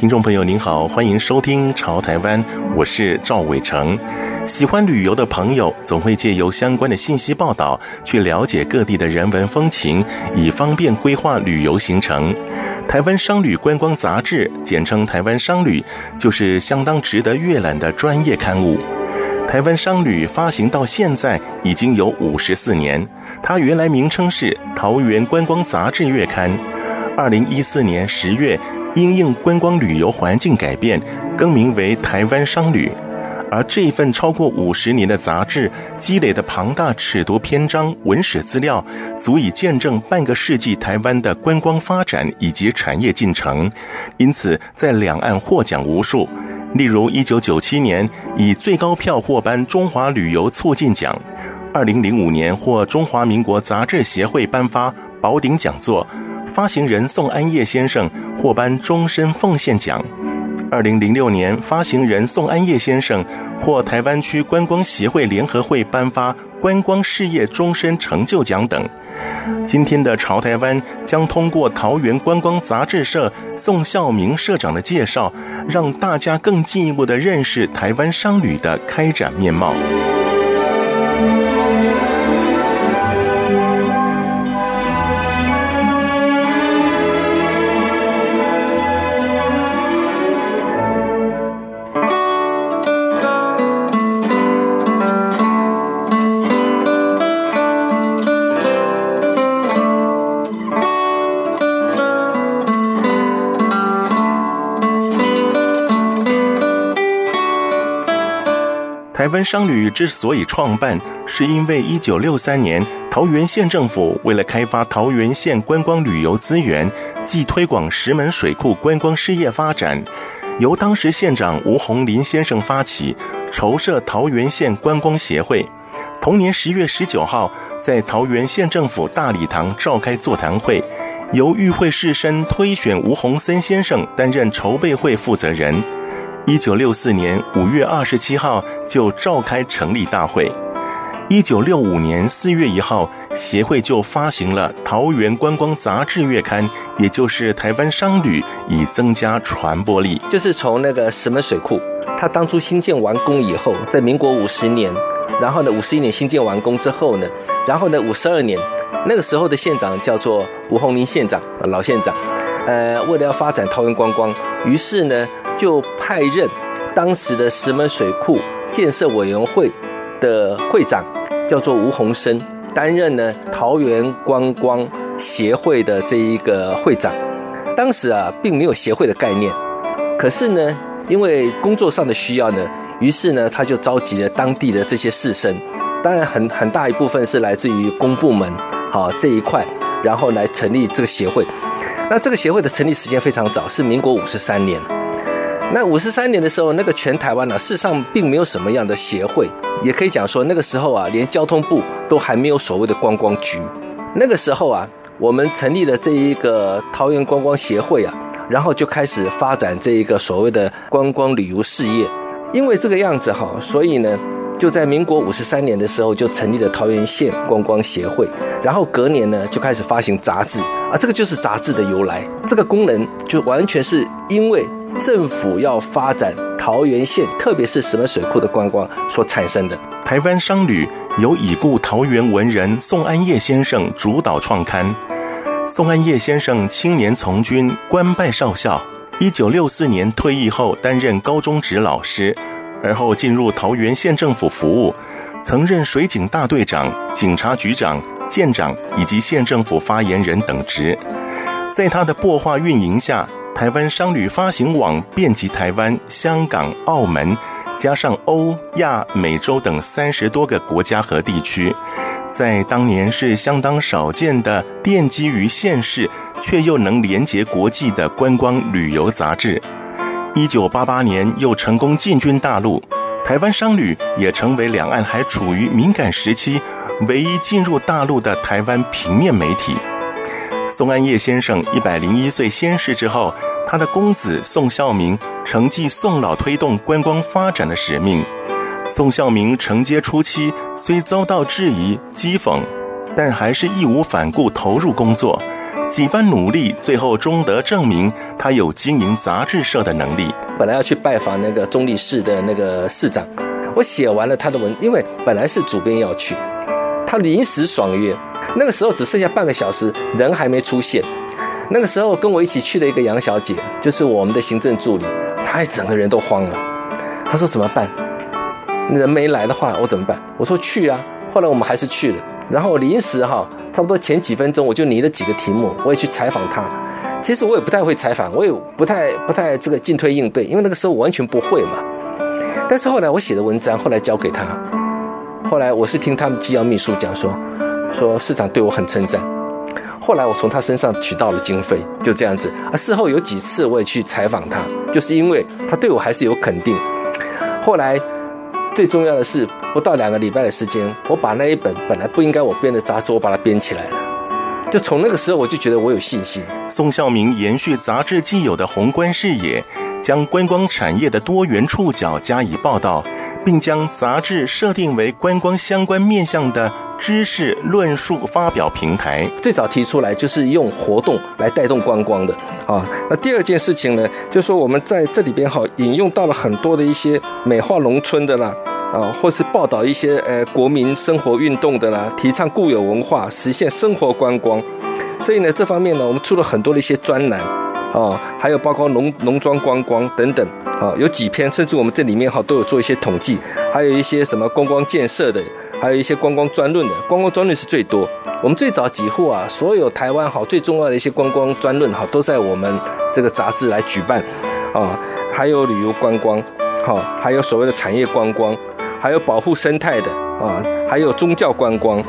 聽眾朋友您好，歡迎收聽《潮台灣》，我是趙偉成。喜歡旅遊的朋友總會借由相關的信息報道去了解各地的人文風情，以方便規劃旅遊行程。台灣商旅觀光雜志（簡稱台灣商旅）就是相當值得閱覽的專業刊物。台灣商旅发行到現在已經有五十四年，它原來名稱是《桃園觀光雜志月刊》。二零一四年十月。因應觀光旅遊環境改變，更名為《台灣商旅》，而這份超過五十年的雜誌積累的龐大尺牘篇章、文史資料，足以見證半個世紀台灣的觀光發展以及產業進程。因此，在兩岸獲獎無數，例如一九九七年以最高票獲頒中華旅遊促進獎，二零零五年獲中華民國雜誌協會頒發寶鼎獎座。發行人宋安業先生獲頒終身奉獻獎，二零零六年，發行人宋安業先生獲台灣區觀光協會聯合會頒發觀光事業終身成就獎等。今天的潮臺灣將通過桃園觀光雜誌社宋孝明社長的介紹，讓大家更進一步的認識台灣商旅的開展面貌。台灣商旅之所以創辦，是因為一九六三年桃園縣政府為了開發桃園縣觀光旅遊資源，及推廣石門水庫觀光事業發展，由當時縣長吳鴻麟先生發起籌設桃園縣觀光協會。同年十月十九號，在桃園縣政府大禮堂召開座談會，由與會士紳推選吳鴻森先生擔任籌備會負責人。一九六四年五月二十七號就召開成立大會，一九六五年四月一號協會就發行了《桃園觀光雜誌月刊》，也就是《台灣商旅》，以增加傳播力。就是從那個石門水庫，它當初新建完工以後，在民國五十年，然後呢，五十一年新建完工之後呢，然後呢，五十二年那個時候的縣長叫做吳鴻麟縣長，老縣長，呃，為了要發展桃園觀光，於是呢。就派任當時的石門水庫建設委員會的會長，叫做吳鴻生，擔任呢桃園觀光協會的這一個會長。當時啊，並沒有協會的概念，可是呢，因為工作上的需要呢，於是呢，他就召集了當地的這些士紳，當然很很大一部分是來自於公部門，好、哦、這一塊，然後來成立這個協會。那這個協會的成立時間非常早，是民國五十三年。那五十三年的時候，那個全台灣呢、啊，事實上並沒有什麼樣的協會，也可以講說，那個時候啊，連交通部都還沒有所謂的觀光局。那個時候啊，我們成立了這一個桃園觀光協會啊，然後就開始發展這一個所謂的觀光旅遊事業。因為這個樣子哈、啊，所以呢，就在民國五十三年的時候就成立了桃園縣觀光協會，然後隔年呢就開始發行雜誌啊，這個就是雜誌的由來，這個功能就完全是因為。政府要發展桃園縣，特別是石門水庫的觀光所產生的《台灣商旅》，由已故桃園文人宋安業先生主導創刊。宋安業先生青年從軍，官拜少校。一九六四年退役後，擔任高中職老師，而後進入桃園縣政府服務，曾任水警大隊長、警察局長、縣長以及縣政府發言人等職。在他的擘畫運營下。台灣商旅發行網遍及台灣、香港、澳門，加上歐亞美洲等三十多個國家和地區，在當年是相當少見的，奠基於縣市，卻又能連接國際的觀光旅遊雜誌。一九八八年又成功進軍大陸，台灣商旅也成為兩岸還處於敏感時期，唯一進入大陸的台灣平面媒體。宋安業先生一百零一歲仙逝之後，他的公子宋孝明承繼宋老推動觀光發展的使命。宋孝明承接初期雖遭到質疑譏諷，但還是義無反顧投入工作，幾番努力，最後終得證明他有經營雜誌社的能力。本來要去拜訪那個中壢市的那個市長，我寫完了他的文，因為本來是主編要去。他臨時爽約，那個時候只剩下半個小時，人還沒出現。那個時候跟我一起去的一個楊小姐，就是我們的行政助理，她還整個人都慌了。她說怎麼辦？人沒來的話，我怎麼辦？我說去啊。後來我們還是去了。然後臨時哈，差不多前幾分鐘，我就擬了幾個題目，我也去採訪她。其實我也不太會採訪，我也不太不太這個進退應對，因為那個時候我完全不會嘛。但是後來我寫的文章，後來交給他。後來我是聽他們機要秘書講說，說市長對我很稱讚。後來我從他身上取到了經費，就這樣子。啊，事後有幾次我也去採訪他，就是因為他對我還是有肯定。後來最重要的是，不到兩個禮拜的時間，我把那一本本來不應該我編的雜誌，我把它編起來了。就從那個時候，我就覺得我有信心。宋孝明延續雜志既有的宏觀視野，將觀光產業的多元觸角加以報道。並將雜誌設定為觀光相關面向的知識論述發表平台。最早提出來就是用活動來帶動觀光的啊。那第二件事情呢，就是說我們在這裡邊哈、啊、引用到了很多的一些美化農村的啦啊，或是報道一些呃國民生活運動的啦，提倡固有文化，實現生活觀光。所以呢，這方面呢，我們出了很多的一些專欄。啊、哦，還有包括農農莊觀光等等，啊、哦，有幾篇，甚至我們這裡面哈、哦、都有做一些統計，還有一些什麼觀光建設的，還有一些觀光專論的，觀光專論是最多。我們最早幾乎啊，所有台灣好、哦、最重要的一些觀光專論哈，都在我們這個雜誌來舉辦，啊、哦，還有旅遊觀光，哈、哦，還有所謂的產業觀光，還有保護生態的，啊、哦，還有宗教觀光。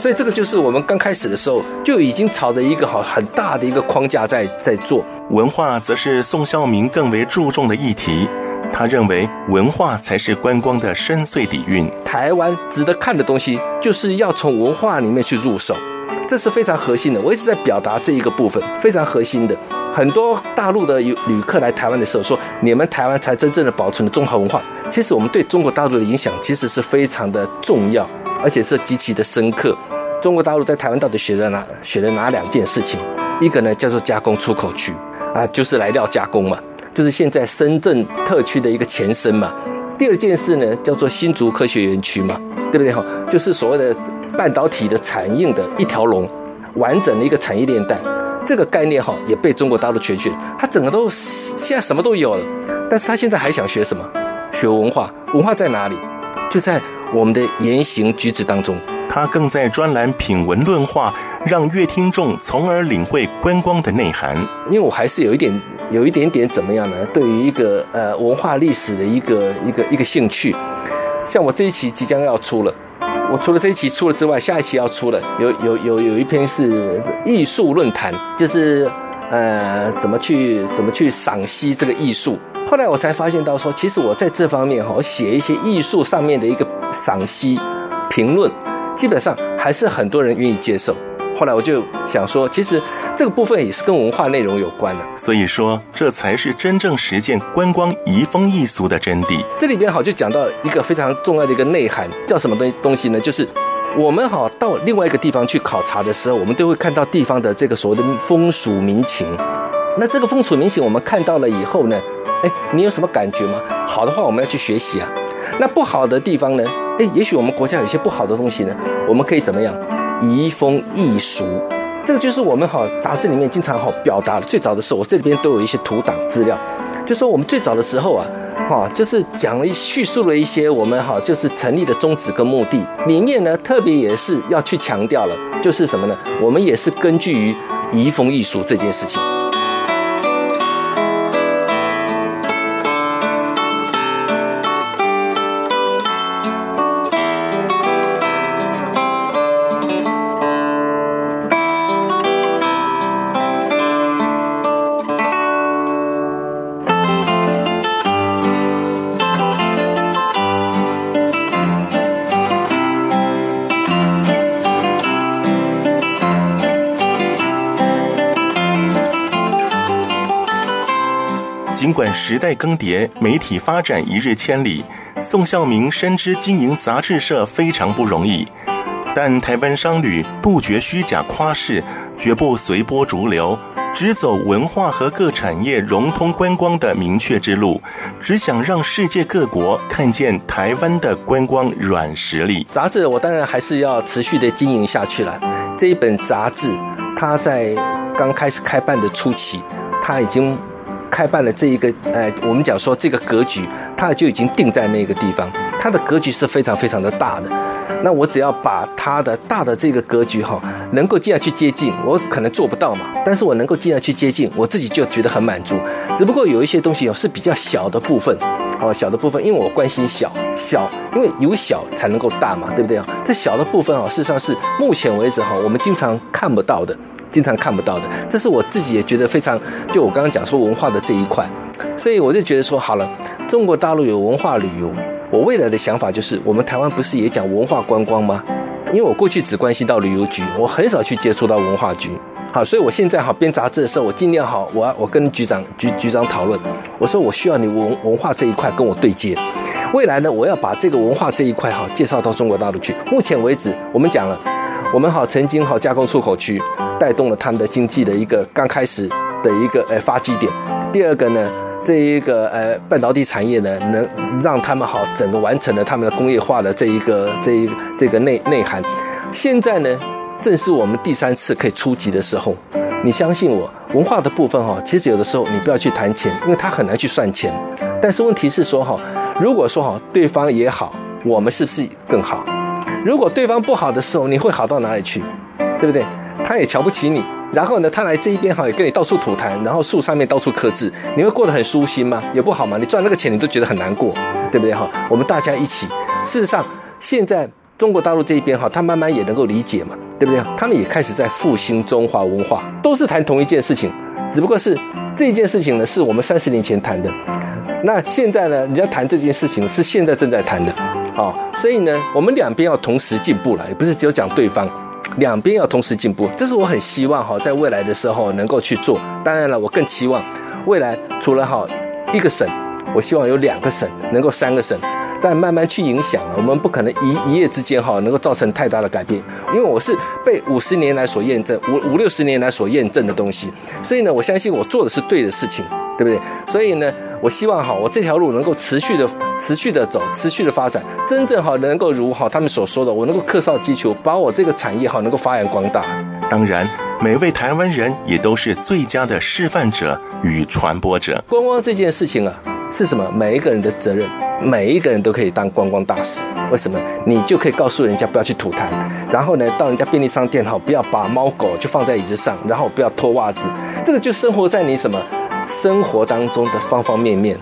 所以這個就是我們剛開始的時候就已經朝着一個好很大的一個框架在在做。文化則是宋孝明更為注重的議題，他認為文化才是觀光的深邃底蘊。台灣值得看的東西就是要從文化裡面去入手，這是非常核心的。我一直在表達這一個部分非常核心的。很多大陸的旅旅客來台灣的時候說，你們台灣才真正的保存了中華文化。其實我們對中國大陸的影響其實是非常的重要。而且是極其的深刻。中國大陸在台灣到底學了哪學了哪兩件事情？一個呢叫做加工出口區啊，就是來料加工嘛，就是現在深圳特區的一個前身嘛。第二件事呢叫做新竹科學園區嘛，對不對哈？就是所謂的半導體的產業的一條龍，完整的一個產業鏈帶。這個概念哈也被中國大陸學去了，它整個都現在什麼都有了。但是它現在還想學什麼？學文化，文化在哪裡？就在。我們的言行舉止當中，他更在專欄品文論畫，讓閱聽眾從而領會觀光的內涵。因為我還是有一點，有一點點怎麼樣呢？對於一個呃文化歷史的一個一個一個興趣。像我這一期即將要出了，我除了這一期出了之外，下一期要出了，有有有有一篇是藝術論壇，就是呃怎麼去怎麼去賞析這個藝術。後來我才發現到說，其實我在這方面哈、哦，我寫一些藝術上面的一個。賞析、評論，基本上還是很多人願意接受。後來我就想說，其實這個部分也是跟文化內容有關的啊。所以說，這才是真正實踐觀光移風易俗的真諦。這裡邊好就講到一個非常重要的一個內涵，叫什麼東東西呢？就是我們好到另外一個地方去考察的時候，我們都會看到地方的這個所謂的風俗民情。那這個風俗民情我們看到了以後呢？哎，你有什麼感覺嗎？好的話，我們要去學習啊。那不好的地方呢？哎，也許我們國家有些不好的東西呢，我們可以怎麼樣？移風易俗，這個就是我們哈、哦、雜誌裡面經常哈、哦、表達的。最早的時候，我這裡邊都有一些圖檔資料，就說我們最早的時候啊，哈、哦，就是講了敘述了一些我們哈、哦、就是成立的宗旨跟目的，裡面呢特別也是要去強調了，就是什麼呢？我們也是根據於移風易俗這件事情。儘管時代更迭，媒體發展一日千里，宋孝明深知經營雜誌社非常不容易。但台灣商旅不覺虛假誇飾，絕不隨波逐流，只走文化和各產業融通觀光的明確之路，只想讓世界各國看見台灣的觀光軟實力。雜誌我當然還是要持續的經營下去了。這一本雜誌，它在剛開始開辦的初期，它已經。開辦了這一個，哎、呃，我們講說這個格局，它就已經定在那個地方，它的格局是非常非常的大的。那我只要把它的大的這個格局哈，能夠盡量去接近，我可能做不到嘛，但是我能夠盡量去接近，我自己就覺得很滿足。只不過有一些東西哦，是比較小的部分，哦，小的部分，因為我關心小，小，因為有小才能夠大嘛，對不對？這小的部分哦，事實上是目前為止哈，我們經常看不到的，經常看不到的。這是我自己也覺得非常，就我剛剛講說文化的這一塊，所以我就覺得說好了，中國大陸有文化旅遊。我未來的想法就是，我們台灣不是也講文化觀光嗎？因為我過去只關心到旅遊局，我很少去接觸到文化局。好，所以我現在好編雜誌的時候，我盡量好，我我跟局長局局長討論，我說我需要你文文化這一塊跟我對接。未來呢，我要把這個文化這一塊好介紹到中國大陸去。目前為止，我們講了，我們好曾經好加工出口區帶動了他們的經濟的一個剛開始的一個呃發跡點。第二個呢？這一個呃半導體產業呢，能讓他們好整個完成了他們的工業化的這一個這一個這個內內涵。現在呢，正是我們第三次可以出擊的時候。你相信我，文化的部分哈，其實有的時候你不要去談錢，因為他很難去算錢。但是問題是說哈，如果說哈對方也好，我們是不是更好？如果對方不好的時候，你會好到哪裡去？對不對？他也瞧不起你。然後呢，他來這一邊哈，也跟你到處吐痰，然後樹上面到處刻字，你會過得很舒心嗎？也不好嘛。你賺那個錢，你都覺得很難過，對不對哈？我們大家一起，事實上，現在中國大陸這一邊哈，他慢慢也能夠理解嘛，對不對？他們也開始在復興中華文化，都是談同一件事情，只不過是這件事情呢，是我們三十年前談的，那現在呢，你要談這件事情是現在正在談的，啊，所以呢，我們兩邊要同時進步了，也不是只有講對方。兩邊要同時進步，這是我很希望哈，在未來的時候能夠去做。當然了，我更期望未來除了哈一個省，我希望有兩個省，能夠三個省。但慢慢去影響了，我們不可能一一夜之間哈能夠造成太大的改變，因為我是被五十年來所驗證五五六十年來所驗證的東西，所以呢，我相信我做的是對的事情，對不對？所以呢，我希望哈我這條路能夠持續的持續的走，持續的發展，真正哈能夠如哈他們所說的，我能夠克紹箕裘，把我這個產業哈能夠發揚光大。當然，每位台灣人也都是最佳的示範者與傳播者。觀光，光這件事情啊，是什麼？每一個人的責任。每一個人都可以當觀光大使，為什麼？你就可以告訴人家不要去吐痰，然後呢，到人家便利商店吼，不要把貓狗就放在椅子上，然後不要脫襪子，這個就生活在你什麼生活當中的方方面面。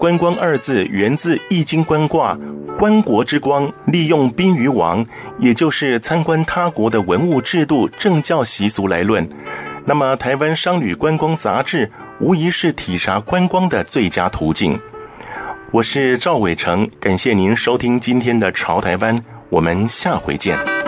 觀光二字源自《易經》觀卦，觀國之光，利用賓於王，也就是參觀他國的文物、制度、政教、習俗來論。那麼，台灣商旅觀光雜誌無疑是體察觀光的最佳途徑。我是趙偉成，感謝您收聽今天的《潮台灣》，我們下回見。